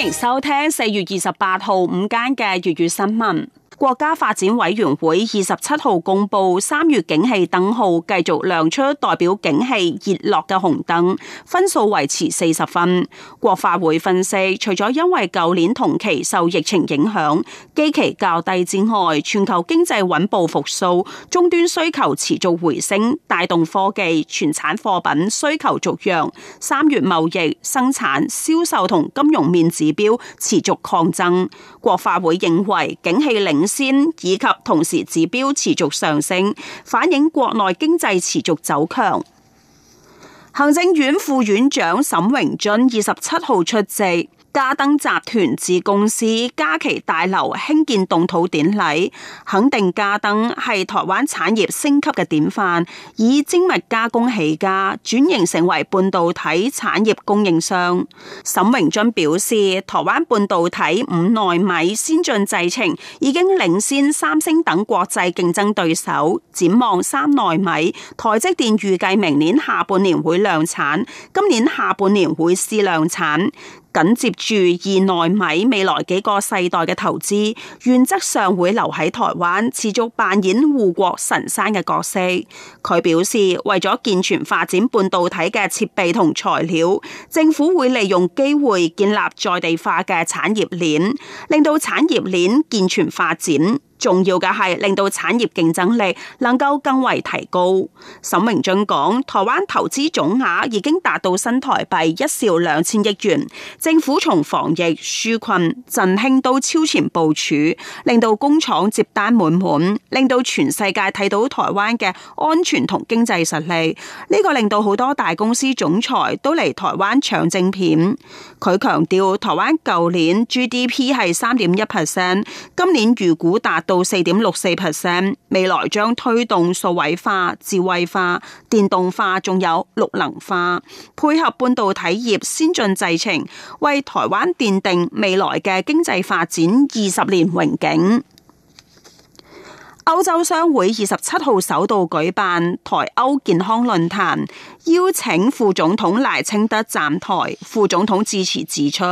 歡迎收聽四月二十八號午間嘅粵語新聞。國家發展委員會二十七號公布三月景氣燈號繼續亮出代表景氣熱絡嘅紅燈，分數維持四十分。國發會分析，除咗因為舊年同期受疫情影響，基期較低之外，全球經濟穩步復蘇，終端需求持續回升，帶動科技、全產貨品需求續揚。三月貿易、生產、銷售同金融面指標持續抗增。國發會認為景氣領。先以及同時指標持續上升，反映國內經濟持續走強。行政院副院長沈榮津二十七號出席。嘉登集團子公司加旗大樓興建動土典禮，肯定加登係台灣產業升級嘅典範，以精密加工起家，轉型成為半導體產業供應商。沈榮津表示，台灣半導體五奈米先進製程已經領先三星等國際競爭對手，展望三奈米，台積電預計明年下半年會量產，今年下半年會試量產。緊接住二奈米未來幾個世代嘅投資，原則上會留喺台灣，持續扮演護國神山嘅角色。佢表示，為咗健全發展半導體嘅設備同材料，政府會利用機會建立在地化嘅產業鏈，令到產業鏈健全發展。重要嘅係令到產業競爭力能夠更為提高。沈榮津講，台灣投資總額已經達到新台幣一兆兩千億元，政府從防疫紓困振興都超前部署，令到工廠接單滿滿，令到全世界睇到台灣嘅安全同經濟實力。呢、這個令到好多大公司總裁都嚟台灣搶晶片。佢強調，台灣舊年 GDP 係三點一 percent，今年預估達到四點六四 percent，未來將推動數位化、智慧化、電動化，仲有綠能化，配合半導體業先進製程，為台灣奠定未來嘅經濟發展二十年榮景。歐洲商會二十七號首度舉辦台歐健康論壇，邀請副總統賴清德站台。副總統致辭指出，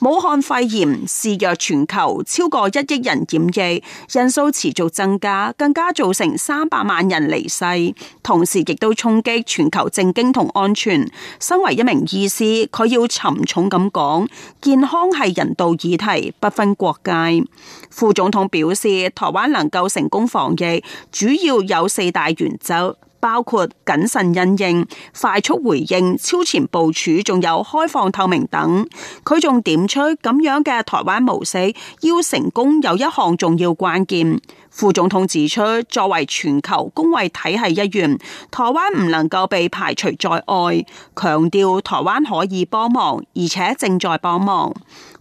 武漢肺炎肆虐全球，超過一億人染疫，人數持續增加，更加造成三百萬人離世。同時，亦都衝擊全球政經同安全。身為一名醫師，佢要沉重咁講，健康係人道議題，不分國界。副總統表示，台灣能夠成功。防疫主要有四大原則，包括謹慎因應、快速回應、超前部署，仲有開放透明等。佢仲點出咁樣嘅台灣模式要成功有一項重要關鍵。副總統指出，作為全球公衛體系一員，台灣唔能夠被排除在外，強調台灣可以幫忙，而且正在幫忙。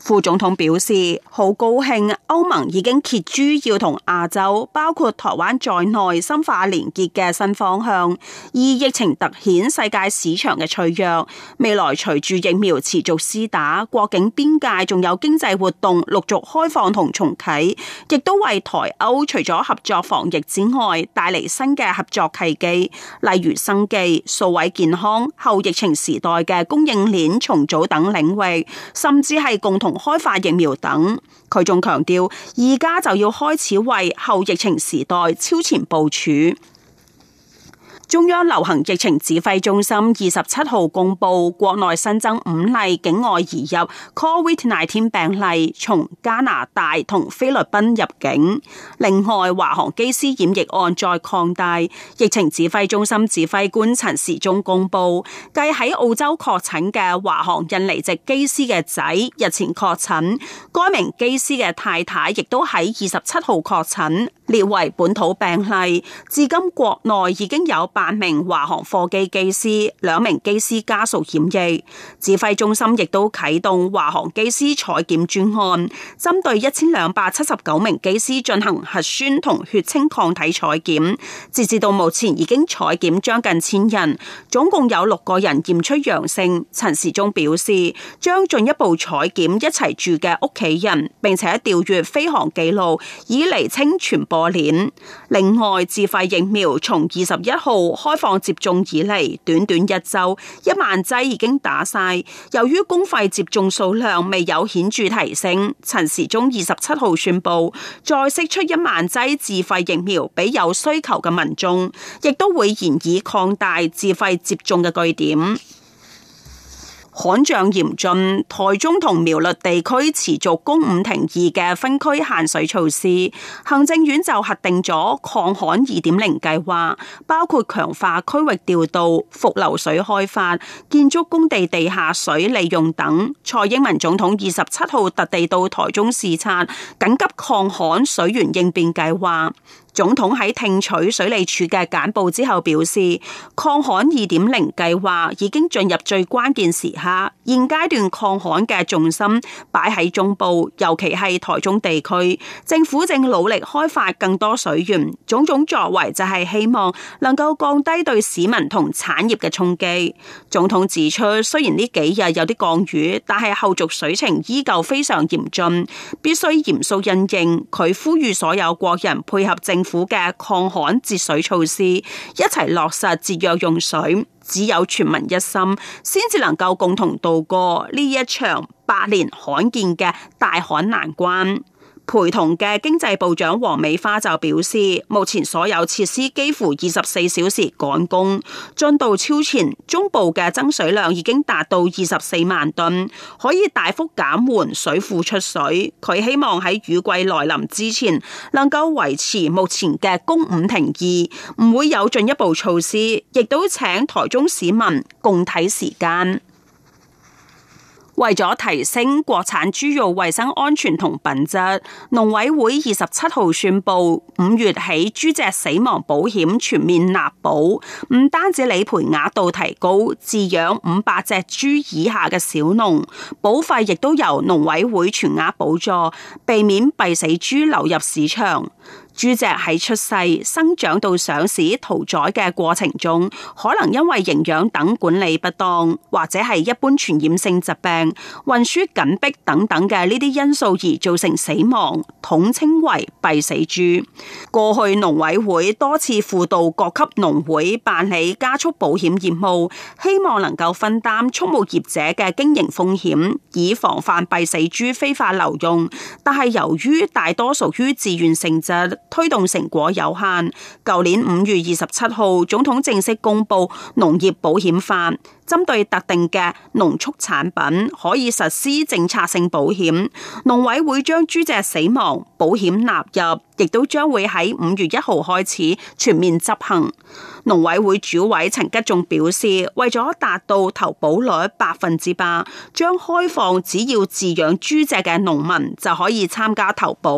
副總統表示，好高興歐盟已經揭櫫要同亞洲，包括台灣在內深化連結嘅新方向。以疫情凸顯世界市場嘅脆弱，未來隨住疫苗持續施打，國境邊界仲有經濟活動陸續開放同重啟，亦都為台歐除咗合作防疫之外，帶嚟新嘅合作契機，例如生技、數位健康、後疫情時代嘅供應鏈重組等領域，甚至係共同。開發疫苗等，佢仲強調而家，就要開始為後疫情時代超前部署。中央流行疫情指揮中心二十七號公布，國內新增五例境外移入 COVID-19 病例，從加拿大同菲律賓入境。另外，華航機師染疫案再擴大，疫情指揮中心指揮官陳時中公布，繼喺澳洲確診嘅華航印尼籍機師嘅仔日前確診，該名機師嘅太太亦都喺二十七號確診。列為本土病例，至今國內已經有八名華航貨機機師、兩名機師家屬染疫，指揮中心亦都啟動華航機師採檢專案，針對一千兩百七十九名機師進行核酸同血清抗體採檢，直至到目前已經採檢將近千人，總共有六個人驗出陽性。陳時中表示，將進一步採檢一齊住嘅屋企人，並且調閱飛航記錄，以厘清全。破鏈。另外，自費疫苗從二十一號開放接種以嚟，短短一周，一萬劑已經打晒。由於公費接種數量未有顯著提升，陳時中二十七號宣布再釋出一萬劑自費疫苗俾有需求嘅民眾，亦都會延以擴大自費接種嘅據點。旱象嚴峻，台中同苗栗地區持續公五停二嘅分區限水措施，行政院就核定咗抗旱二點零計劃，包括強化區域調度、伏流水開發、建築工地地下水利用等。蔡英文總統二十七號特地到台中視察緊急抗旱水源應變計劃。總統喺聽取水利署嘅簡報之後表示，抗旱二點零計劃已經進入最關鍵時刻，現階段抗旱嘅重心擺喺中部，尤其係台中地區。政府正努力開發更多水源，種種作為就係希望能夠降低對市民同產業嘅衝擊。總統指出，雖然呢幾日有啲降雨，但係後續水情依舊非常嚴峻，必須嚴肅因應。佢呼籲所有國人配合政政府嘅抗旱節水措施一齊落實節約用水，只有全民一心，先至能夠共同度過呢一場百年罕見嘅大旱難關。陪同嘅經濟部長王美花就表示，目前所有設施幾乎二十四小時趕工，進度超前，中部嘅增水量已經達到二十四萬噸，可以大幅減緩水庫出水。佢希望喺雨季來臨之前，能夠維持目前嘅供五停二，唔會有進一步措施。亦都請台中市民共體時艱。為咗提升國產豬肉衛生安全同品質，農委會二十七號宣布，五月起豬隻死亡保險全面納保，唔單止理賠額度提高，飼養五百隻豬以下嘅小農，保費亦都由農委會全額補助，避免斃死豬流入市場。豬隻喺出世、生長到上市屠宰嘅過程中，可能因為營養等管理不當，或者係一般傳染性疾病、運輸緊迫等等嘅呢啲因素而造成死亡，統稱為斃死豬。過去農委會多次輔導各級農會辦理加速保險業務，希望能夠分擔畜牧業者嘅經營風險，以防範斃死豬非法流用。但係由於大多屬於自願性質。推動成果有限。舊年五月二十七號，總統正式公布農業保險法，針對特定嘅農畜產品可以實施政策性保險。農委會將豬隻死亡保險納入，亦都將會喺五月一號開始全面執行。農委會主委陳吉仲表示，為咗達到投保率百分之百，將開放只要飼養豬隻嘅農民就可以參加投保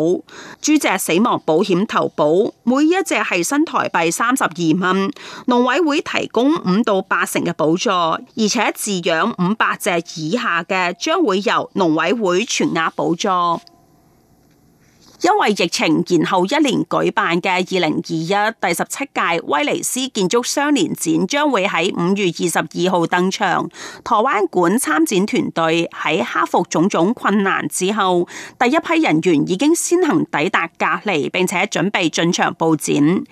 豬隻死亡保險。投保每一隻係新台幣三十二蚊，農委會提供五到八成嘅補助，而且飼養五百隻以下嘅將會由農委會全額補助。因為疫情，延後一年舉辦嘅二零二一第十七屆威尼斯建築雙年展將會喺五月二十二號登場。台灣館參展團隊喺克服種種困難之後，第一批人員已經先行抵達隔離，並且準備進場佈展。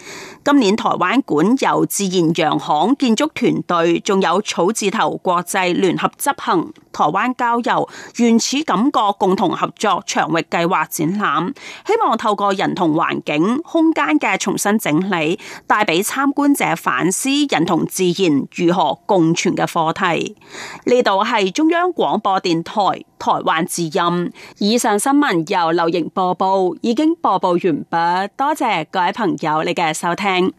今年台灣館由自然洋行建築團隊，仲有草字頭國際聯合執行，台灣郊遊原始感覺共同合作長域計劃展覽。希望透過人同環境空間嘅重新整理，帶俾參觀者反思人同自然如何共存嘅課題。呢度係中央廣播電台台灣之音。以上新聞由劉瑩播報，已經播報完畢。多謝各位朋友你嘅收聽。